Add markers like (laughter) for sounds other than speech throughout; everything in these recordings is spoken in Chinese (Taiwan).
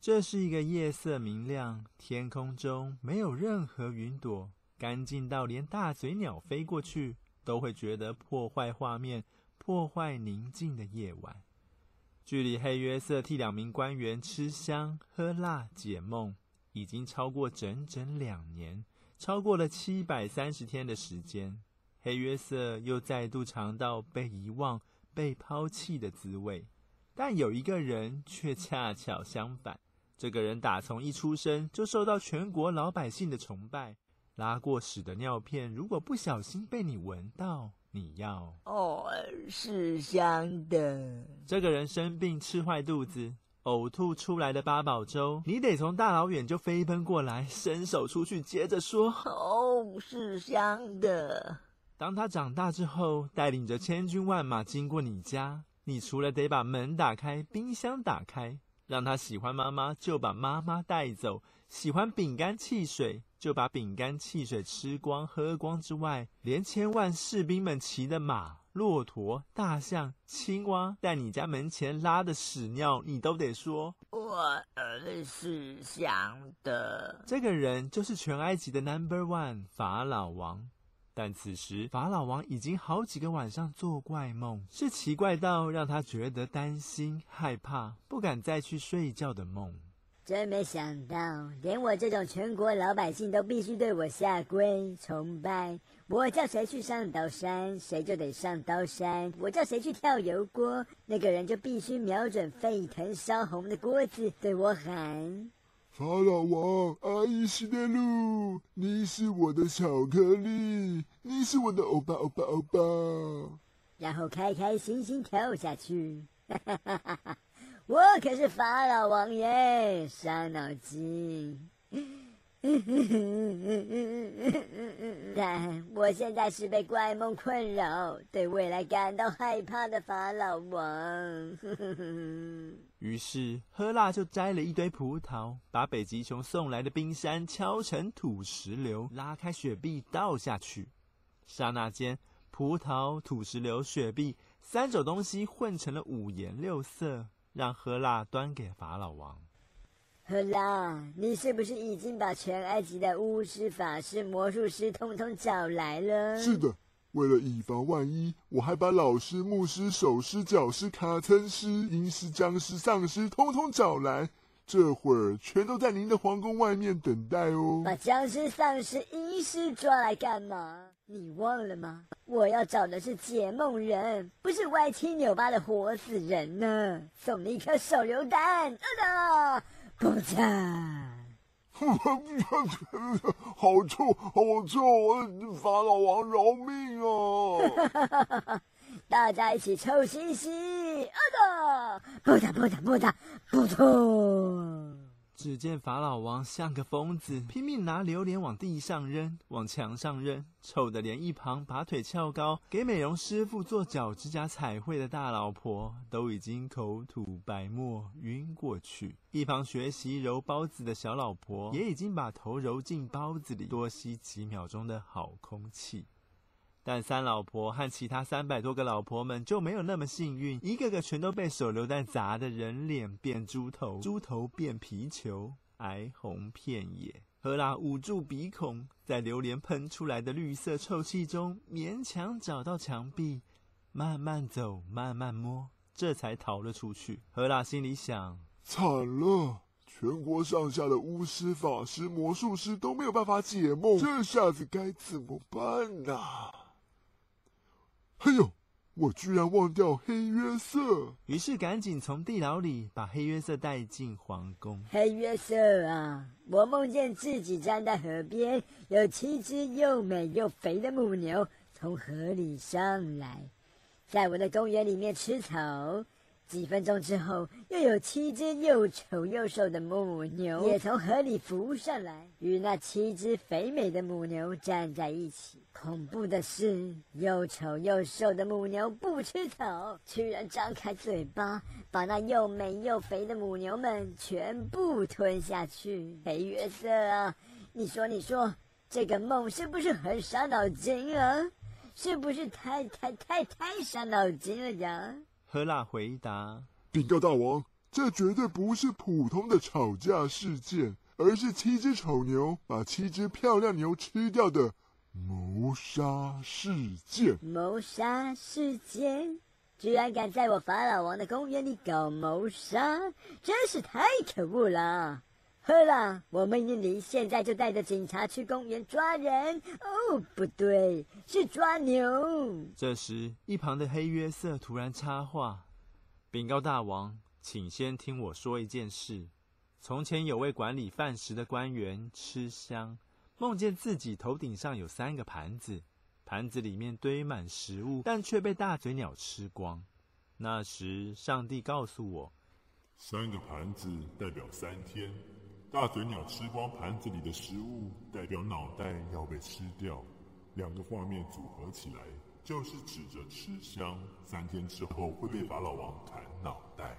這是一個夜色明亮，天空中沒有任何雲朵，乾淨到連大嘴鳥飛過去都會覺得破壞畫面、破壞寧靜的夜晚。距離黑約瑟替兩名官員吃香喝辣解夢，已經超過整整兩年，超過了七百三十天的時間。黑約瑟又再度嘗到被遺忘、被拋棄的滋味，但有一個人卻恰巧相反。這個人打從一出生就受到全國老百姓的崇拜。拉過屎的尿片，如果不小心被你聞到，你要哦，是香的。這個人生病吃壞肚子，嘔吐出來的八寶粥，你得從大老遠就飛奔過來，伸手出去，接着說哦，是香的。當他長大之後，帶領着千軍萬馬經過你家，你除了得把門打開，冰箱打開。讓他喜歡媽媽，就把媽媽帶走；喜歡餅乾汽水，就把餅乾汽水吃光喝光。之外，連千萬士兵們騎的馬、駱駝、大象、青蛙，在你家門前拉的屎尿，你都得說：“我兒是想的。”這個人就是全埃及的 Number One 法老王。但此時，法老王已經好幾個晚上做怪夢，是奇怪到讓他覺得擔心、害怕，不敢再去睡覺的夢。真沒想到，連我這種全國老百姓都必須對我下跪崇拜。我叫誰去上刀山，誰就得上刀山；我叫誰去跳油鍋，那個人就必須瞄準沸騰燒紅的鍋子，對我喊。法老王，阿姨西德路，你是我的巧克力，你是我的歐巴歐巴歐巴。然後開開心心跳下去，哈哈哈哈，我可是法老王耶，傷腦筋。 (laughs) 但 (laughs) (laughs) 我現在是被怪夢困擾、對未來感到害怕的法老王。 (laughs) 於是，喝辣就摘了一堆葡萄，把北極熊送來的冰山敲成土石流，拉開雪碧倒下去。剎那間，葡萄、土石流、雪碧三種東西混成了五顏六色，讓喝辣端給法老王。可拉，你是不是已經把全埃及的巫師、法師、魔術師通通找來了？是的，為了以防萬一，我還把老師、牧師、手師、腳師、卡森師、銀師、殭屍、喪屍通通找來，這會兒全都在您的皇宮外面等待哦。把殭屍、喪屍、陰師抓來幹嘛？你忘了嗎？我要找的是解夢人，不是歪七扭八的活死人呢。送你一顆手榴彈，啊、呃呃！不髒， (laughs) 好臭，好臭，啊！法老王饒命啊！ (laughs) 大家一起臭兮兮，啊、okay. 的！不打不打不打不痛只見法老王像個瘋子，拼命拿榴蓮往地上扔，往牆上扔，臭得連一旁把腿翹高給美容師傅做腳指甲彩繪的大老婆都已經口吐白沫暈過去，一旁學習揉包子的小老婆也已經把頭揉進包子裡，多吸幾秒鐘的好空氣。但三老婆和其他三百多個老婆們就沒有那麼幸運，一個個全都被手榴彈砸得人臉變豬頭，豬頭變皮球，哀鴻遍野。何拉捂住鼻孔，在榴蓮噴出來的綠色臭氣中，勉強找到牆壁，慢慢走，慢慢摸，這才逃了出去。何拉心裡想：慘了，全國上下的巫師、法師、魔術師都沒有辦法解夢，這下子該怎麼辦啊？哎呦！我居然忘掉黑約瑟，於是趕緊從地牢裡把黑約瑟帶進皇宮。黑約瑟啊，我夢見自己站在河邊，有七隻又美又肥的母牛從河裡上來，在我的公園裡面吃草。幾分鐘之後，又有七隻又醜又瘦的母牛也從河裡浮上來，與那七隻肥美的母牛站在一起。恐怖的是，又醜又瘦的母牛不吃草，居然張開嘴巴把那又美又肥的母牛們全部吞下去。黑約瑟啊，你說，你說，這個夢是不是很傷腦筋啊？是不是太太太太傷腦筋了呀？赫拉回答：“稟告大王，這絕對不是普通的吵架事件，而是七隻醜牛把七隻漂亮牛吃掉的。”謀殺事件！謀殺事件！居然敢在我法老王的公園裡搞謀殺，真是太可惡了！喝了，我命令你現在就帶着警察去公園抓人。哦，不對，是抓牛。這時，一旁的黑約瑟突然插話：“稟告大王，請先聽我說一件事。從前有位管理飯食的官員，吃香。”夢見自己頭頂上有三個盤子，盤子裡面堆滿食物，但卻被大嘴鳥吃光。那時，上帝告訴我，三個盤子代表三天，大嘴鳥吃光盤子裡的食物，代表腦袋要被吃掉。兩個畫面組合起來，就是指着吃香，三天之後會被法老王砍腦袋。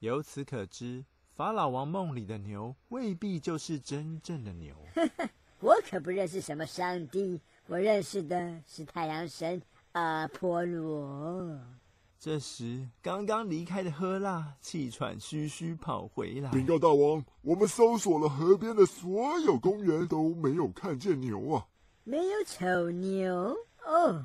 由此可知。法老王夢裡的牛未必就是真正的牛。 (laughs) 我可不認識什麼上帝，我認識的是太陽神阿波羅。這時，剛剛離開的赫拉氣喘吁吁跑回來，稟告大王：我們搜索了河邊的所有公園，都沒有看見牛啊！沒有醜牛哦，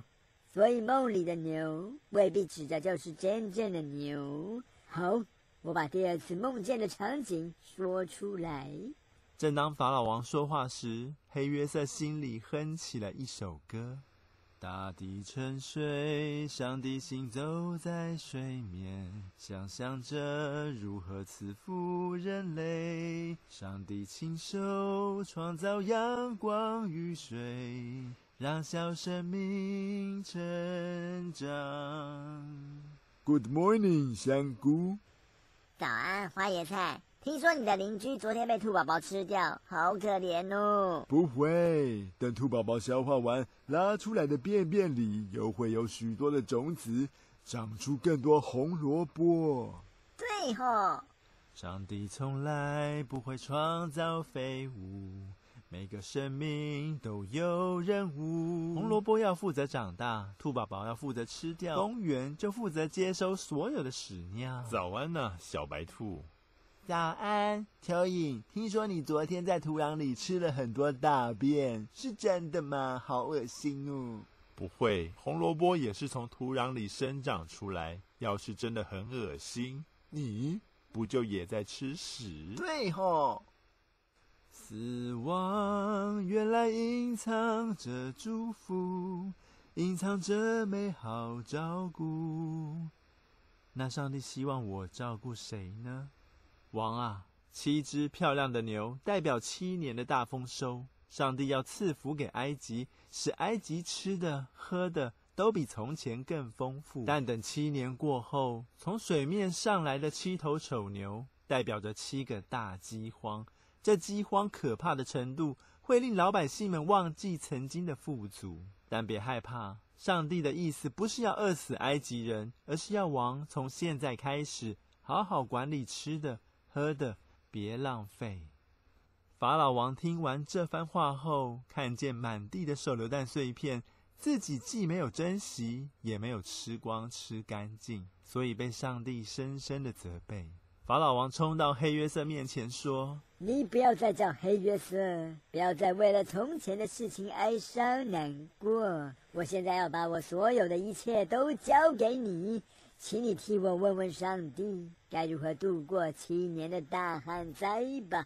所以夢裡的牛未必指的就是真正的牛。好、哦。我把第二次夢見的場景說出來。正當法老王說話時，黑約瑟心裡哼起了一首歌：大地沉睡，上帝行走在水面，想象着如何賜福人類。上帝親手創造陽光雨水，讓小生命成長。Good morning，香菇。早安，花椰菜。聽說你的鄰居昨天被兔寶寶吃掉，好可憐哦。不會，等兔寶寶消化完，拉出來的便便裡又會有許多的種子，長出更多紅蘿蔔。對哦。上帝從來不會創造廢物。每個生命都有任務。紅蘿蔔要負責長大，兔寶寶要負責吃掉，公園就負責接收所有的屎尿。早安呢、啊，小白兔。早安，蚯蚓。聽說你昨天在土壤裡吃了很多大便，是真的嗎？好噁心哦。不會，紅蘿蔔也是從土壤裡生長出來。要是真的很噁心，你不就也在吃屎？對吼、哦。死亡原來隱藏着祝福，隱藏着美好照顧。那上帝希望我照顧誰呢？王啊，七隻漂亮的牛代表七年的大豐收。上帝要賜福給埃及，使埃及吃的喝的都比從前更豐富。但等七年過後，從水面上來的七頭醜牛，代表着七個大饑荒。這饑荒可怕的程度，會令老百姓們忘記曾經的富足。但別害怕，上帝的意思不是要餓死埃及人，而是要王從現在開始好好管理吃的喝的，別浪費。法老王聽完這番話後，看見滿地的手榴彈碎片，自己既沒有珍惜，也沒有吃光吃乾淨，所以被上帝深深的責備。法老王衝到黑約瑟面前說：“你不要再叫黑約瑟，不要再為了從前的事情哀傷難過。我現在要把我所有的一切都交給你，請你替我問問上帝，該如何度過七年的大旱災吧。”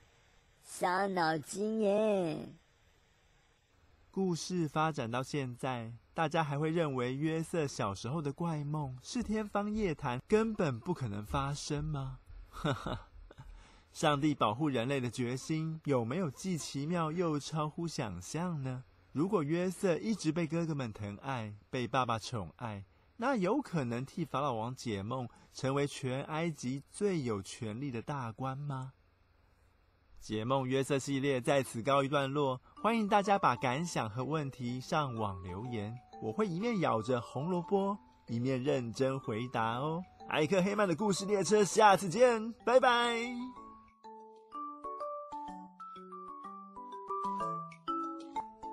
傷腦筋耶！故事發展到現在，大家還會認為約瑟小時候的怪夢是天方夜譚，根本不可能發生嗎？哈哈，上帝保護人類的決心有沒有既奇妙又超乎想象呢？如果約瑟一直被哥哥們疼愛，被爸爸寵愛，那有可能替法老王解夢，成為全埃及最有權力的大官嗎？解夢約瑟系列在此告一段落，歡迎大家把感想和問題上網留言，我會一面咬着紅蘿蔔，一面認真回答哦。艾克黑曼的故事列車，下次見，拜拜！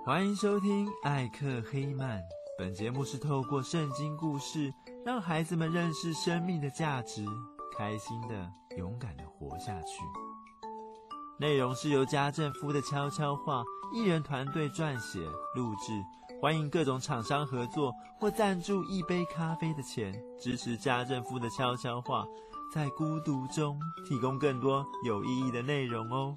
歡迎收聽艾克黑曼。本節目是透過聖經故事，讓孩子們認識生命的價值，開心的、勇敢的活下去。內容是由家政夫的悄悄話藝人團隊撰寫、錄制。歡迎各種廠商合作或贊助一杯咖啡的錢，支持家政夫的悄悄話，在孤獨中提供更多有意義的內容哦。